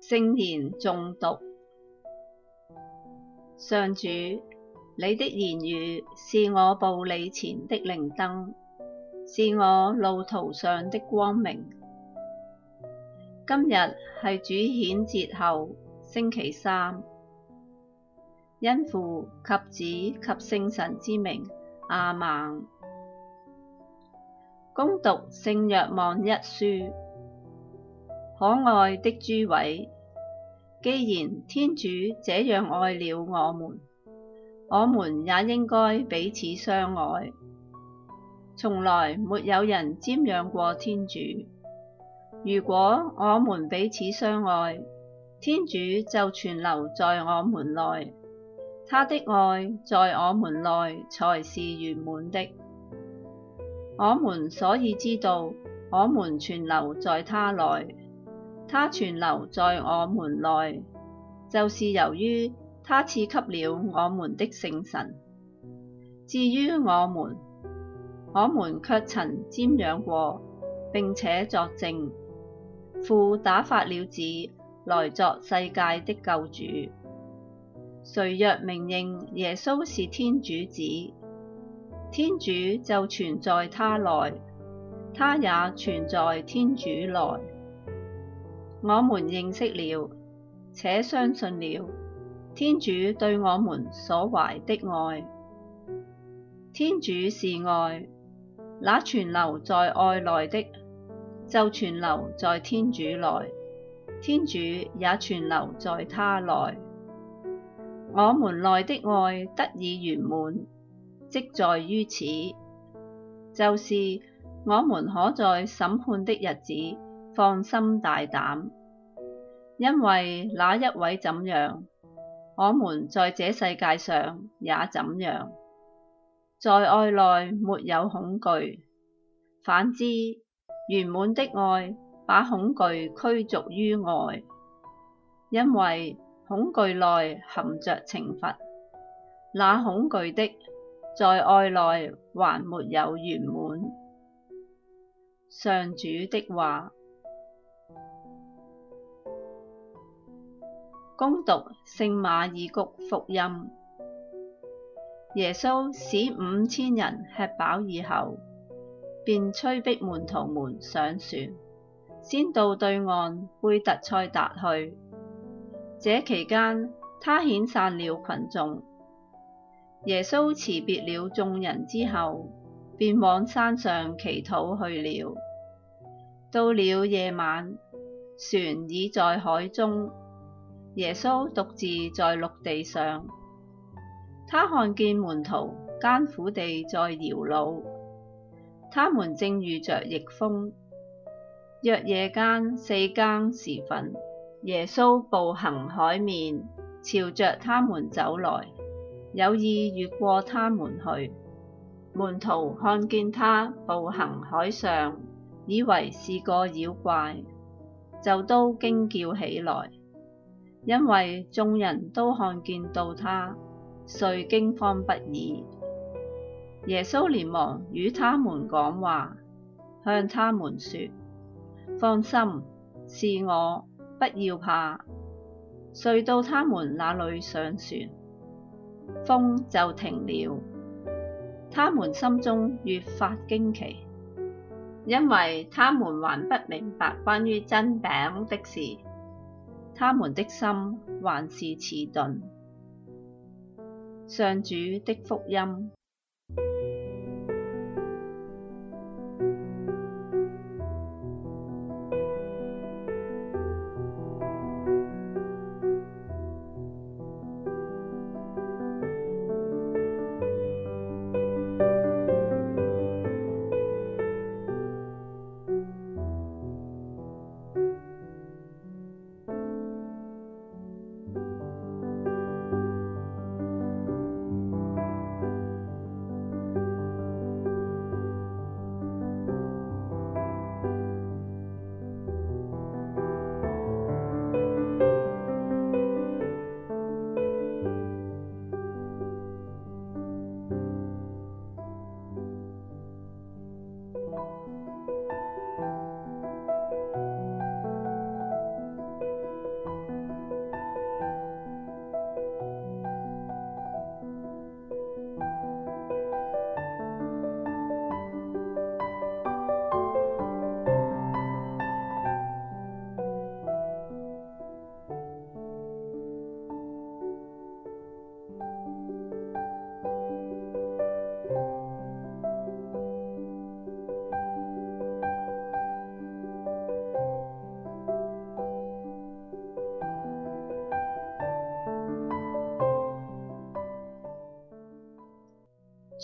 聖言誦讀：「上主，你的言語是我步履前的靈燈，是我路途上的光明。今日係主顯節後。星期三，因父及子及聖神之名阿孟。恭讀聖若望一書。可愛的諸位，既然天主這樣愛了我們，我們也應該彼此相愛。從來沒有人瞻仰過天主，如果我們彼此相愛。天主就存留在我們內，他的愛在我們內才是圓滿的。我們所以知道，我們存留在他內，他存留在我們內，就是由於他賜給了我們的聖神。至於我們，我們卻曾瞻仰過，並且作證：父打發了子。來作世界的救主。誰若明認耶穌是天主子，天主就存在他內，他也存在天主內。我們認識了，且相信了天主對我們所懷的愛。天主是愛，那存留在愛內的，就存留在天主內。天主也存留在他內，我們內的愛得以圓滿，即在於此。就是我們可在審判的日子放心大膽，因為那一位怎樣，我們在這世界上也怎樣。在愛內沒有恐懼，反之，圓滿的愛。把恐懼驅逐於外，因為恐懼內含着懲罰。那恐懼的，在愛內還沒有圓滿。上主的話。恭讀聖馬爾谷福音：耶穌使五千人吃飽以後，便催迫門徒們上船。先到對岸貝特賽達去。這期間，他遣散了群眾。耶穌辭別了眾人之後，便往山上祈禱去了。到了夜晚，船已在海中，耶穌獨自在陸地上。他看見門徒艱苦地在搖櫓，他們正遇着逆風。約夜間四更時分，耶穌步行海面，朝着他們走來，有意越過他們去。門徒看見他步行海上，以為是個妖怪，就都驚叫起來，因為眾人都看見到他，遂驚慌不已。耶穌連忙與他們講話，向他們說。放心，是我，不要怕。遂到他們那裏上船，風就停了。他們心中越發驚奇，因為他們還不明白關於增餅的事，他們的心還是遲鈍。上主的福音。